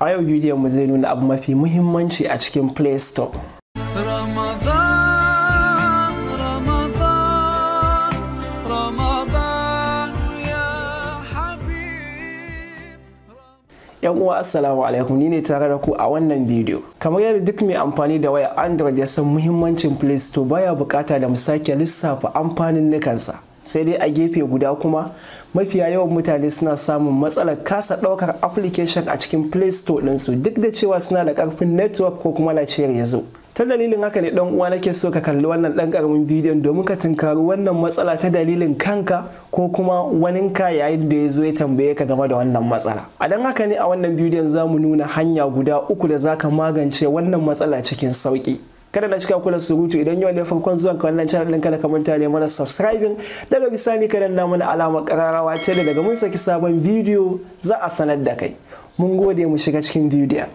a yau bidiyon mu zai nuna abu mafi muhimmanci a cikin play store yan uwa assalamu alaikum ni ne tare da ku a wannan bidiyo kamar yadda duk mai amfani da waya android ya san muhimmancin play store baya bukata da mu sake lissafa amfanin nukansa sai dai a gefe guda kuma mafiya yawan mutane suna samun matsalar kasa ɗaukar application a cikin play store ɗinsu duk da cewa suna da ƙarfin network ko kuma lafiyar ya zo ta dalilin haka ne dan uwa nake so ka kalli wannan ɗan karamin bidiyon domin ka tunkari wannan matsala ta dalilin kanka ko kuma waninka yayin da ya zo ya tambaye ka game da wannan matsala a dan haka ne a wannan bidiyon za mu nuna hanya guda uku da za ka magance wannan matsala cikin sauƙi. kada na cika kula surutu idan yau ne farkon zuwa ka wannan channel din kada ka manta ne mana subscribing daga bisani ka danna mana alamar kararawa ta da daga mun saki sabon bidiyo za a sanar da kai mun gode mu shiga cikin bidiyon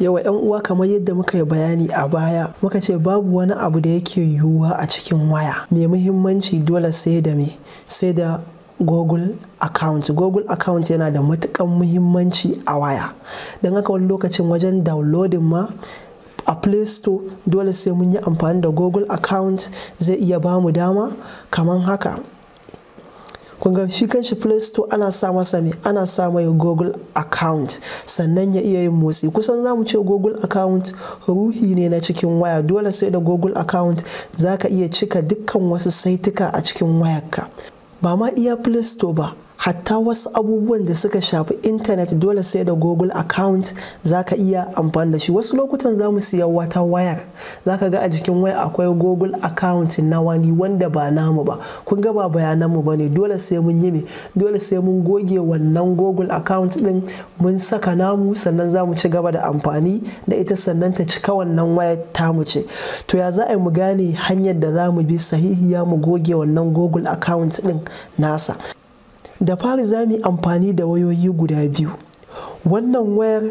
yawa yan uwa kamar yadda muka yi bayani a baya muka ce babu wani abu da yake yiwuwa a cikin waya mai muhimmanci dole sai da me sai da google account google account yana da matukan muhimmanci a waya don haka wani lokacin wajen downloading ma a play store dole sai mun yi amfani da google account zai iya ba mu dama kamar haka kunga shi kanshi play store ana sa masa mai ana sa mai google account sannan ya iya yin motsi kusan za mu ce google account ruhi ne na cikin waya dole sai da google account za ka iya cika dukkan wasu saituka a cikin wayarka ba ma iya play store ba hatta wasu abubuwan da suka shafi intanet dole sai da google account za ka iya amfani da shi wasu lokutan za mu siya wata wayar za ka ga a jikin waya akwai google account na wani wanda ba namu ba kun ga ba bayananmu ba ne dole sai mun yi dole sai mun goge wannan google account din mun saka namu sannan za mu ci gaba da amfani da ita sannan ta cika wannan wayar ta mu ce to ya za a mu gane hanyar da za mu bi sahihiya mu goge wannan google account din nasa da fari za mu amfani da wayoyi guda biyu wannan wayar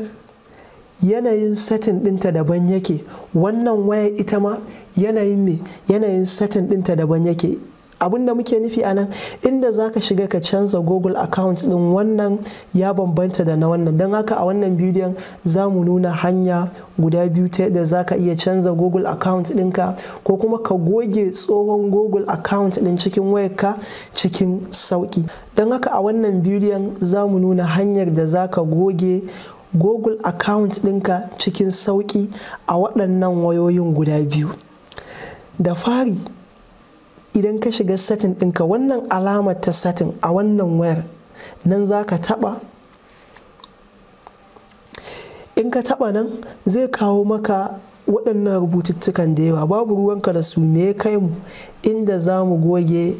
yanayin setting ɗinta daban yake wannan wayar ita ma yanayin me yanayin setting ɗinta daban yake abin da muke nufi a nan inda za ka shiga ka canza google account din wannan ya bambanta da na wannan don haka a wannan bidiyon za mu nuna hanya guda biyu ta yadda za ka iya canza google account ɗinka ko kuma ka goge tsohon google account ɗin cikin wayarka cikin sauƙi don haka a wannan bidiyon za mu nuna hanyar da za ka goge google account ɗinka cikin sauƙi a waɗannan wayoyin guda biyu da fari idan ka shiga satin ɗinka wannan alamar ta satin a wannan wayar nan za ka taɓa in ka taɓa nan zai kawo maka waɗannan rubututtukan da yawa babu ruwanka da su me kai mu inda za mu goge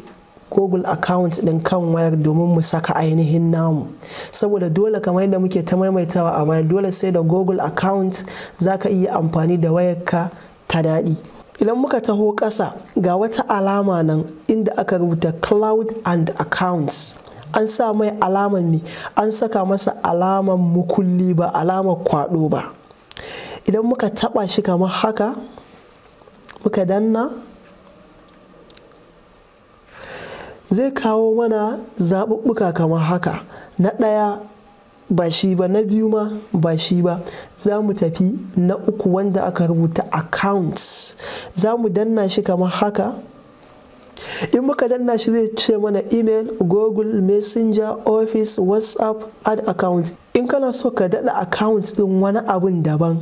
google account ɗin kan wayar domin mu saka ainihin namu saboda dole kamar yadda muke ta maimaitawa a baya dole sai da google account za ka iya amfani da wayarka ta daɗi idan muka taho ƙasa ga wata alama nan inda aka rubuta cloud and accounts an sa mai alaman ne an saka masa alaman mukulli ba alamar kwado ba idan muka taba shi kamar haka muka danna zai kawo mana zaɓuɓɓuka kamar haka na ɗaya ba shi ba na biyu ma ba shi ba za mu tafi na uku wanda aka rubuta accounts za mu danna shi kamar haka in muka danna shi zai ce mana email google messenger office whatsapp ad account in kana so ka daɗa account ɗin wani abun daban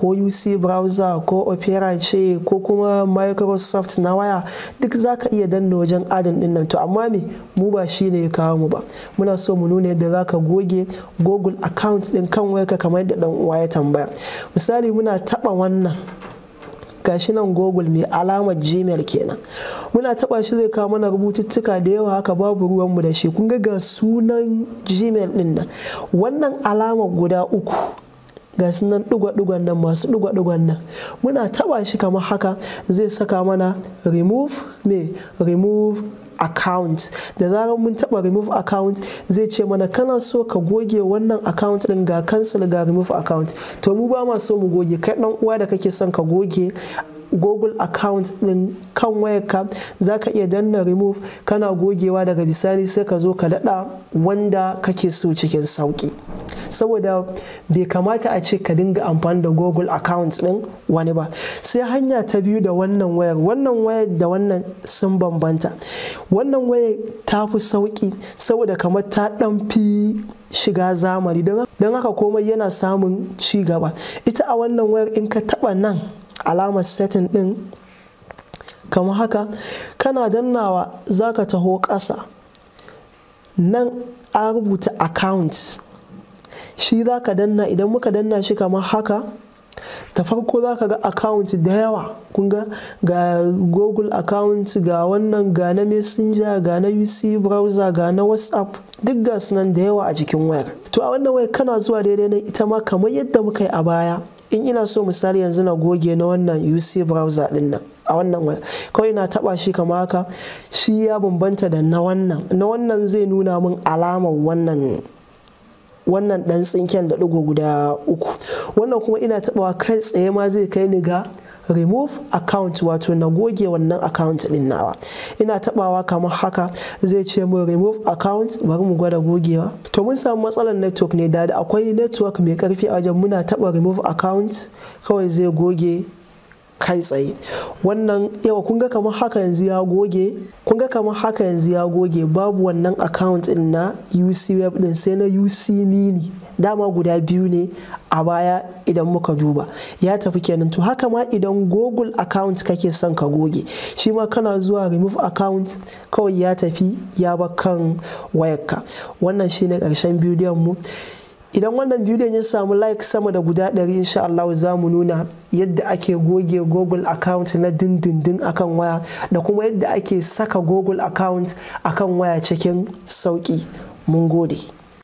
ko uc browser ko opera ce ko kuma microsoft na waya duk za ka iya danna wajen adin din nan to amma me mu ba shi ne ya kawo mu ba muna so mu nuna yadda za ka goge google account din kan wayarka kamar yadda dan uwa ya tambaya misali muna taba wannan gashi nan google mai alamar gmail kenan muna taba shi zai kawo mana rubututtuka da yawa haka babu ruwan mu da shi kun ga ga sunan gmail din nan wannan alamar guda uku ga sunan nan ɗugwa nan masu ɗugwa-ɗugwan nan muna taɓa shi kamar haka zai saka mana remove me remove account da zarar mun taba remove account zai ce mana kana so ka goge wannan account din ga cancel ga remove account to mu ba ma so mu goge kai dan uwa da kake son ka goge google account din kan wayarka za ka iya danna remove kana gogewa daga bisani sai ka zo ka daɗa wanda kake so cikin sauki. saboda bai kamata a ce ka dinga amfani da google account din wani ba sai hanya ta biyu da wannan wayar wannan wayar da wannan sun bambanta wannan wayar ta fi sauki saboda kamar ta dan fi shiga zamani don haka komai yana samun ci gaba ita a wannan wayar in ka taba nan alamar setting din kamar haka kana dannawa za ka taho ƙasa nan a rubuta account shi za ka danna idan muka danna shi kamar haka ta farko za ka ga account da yawa ga google account ga wannan ga na messenger ga na uc browser ga na whatsapp duk ga nan da yawa a jikin wayar to a wannan wayar kana zuwa daidai na ita ma kamar yadda muka yi a baya in ina so misali yanzu na goge na wannan uc browser din nan a wannan wayar kawai na taba shi kamar haka shi ya bambanta da na wannan na wannan zai nuna min alamar wannan wannan dan tsinken da ɗigo guda uku wannan kuma ina taɓawa kai tsaye ma zai kai ni ga remove account wato na goge wannan account din nawa ina taɓawa kamar haka zai ce mu remove account bari mu gwada gogewa to mun samu matsalar network ne da akwai network mai karfi a wajen muna taɓa remove account kawai zai goge kai tsaye wannan yawa kun ga kamar haka yanzu ya goge kun kamar haka yanzu ya goge babu wannan account din na UC web din sai na UC mini dama guda biyu ne a baya idan muka duba ya tafi kenan to haka ma idan google account kake son ka goge shi ma kana zuwa remove account kawai ya tafi ya bar kan wayarka wannan shine karshen bidiyon mu idan wannan bidiyon ya samu like sama da guda ɗari insha Allah za mu nuna yadda ake goge google account na dindindin akan waya da kuma yadda ake saka google account akan waya cikin sauki mun gode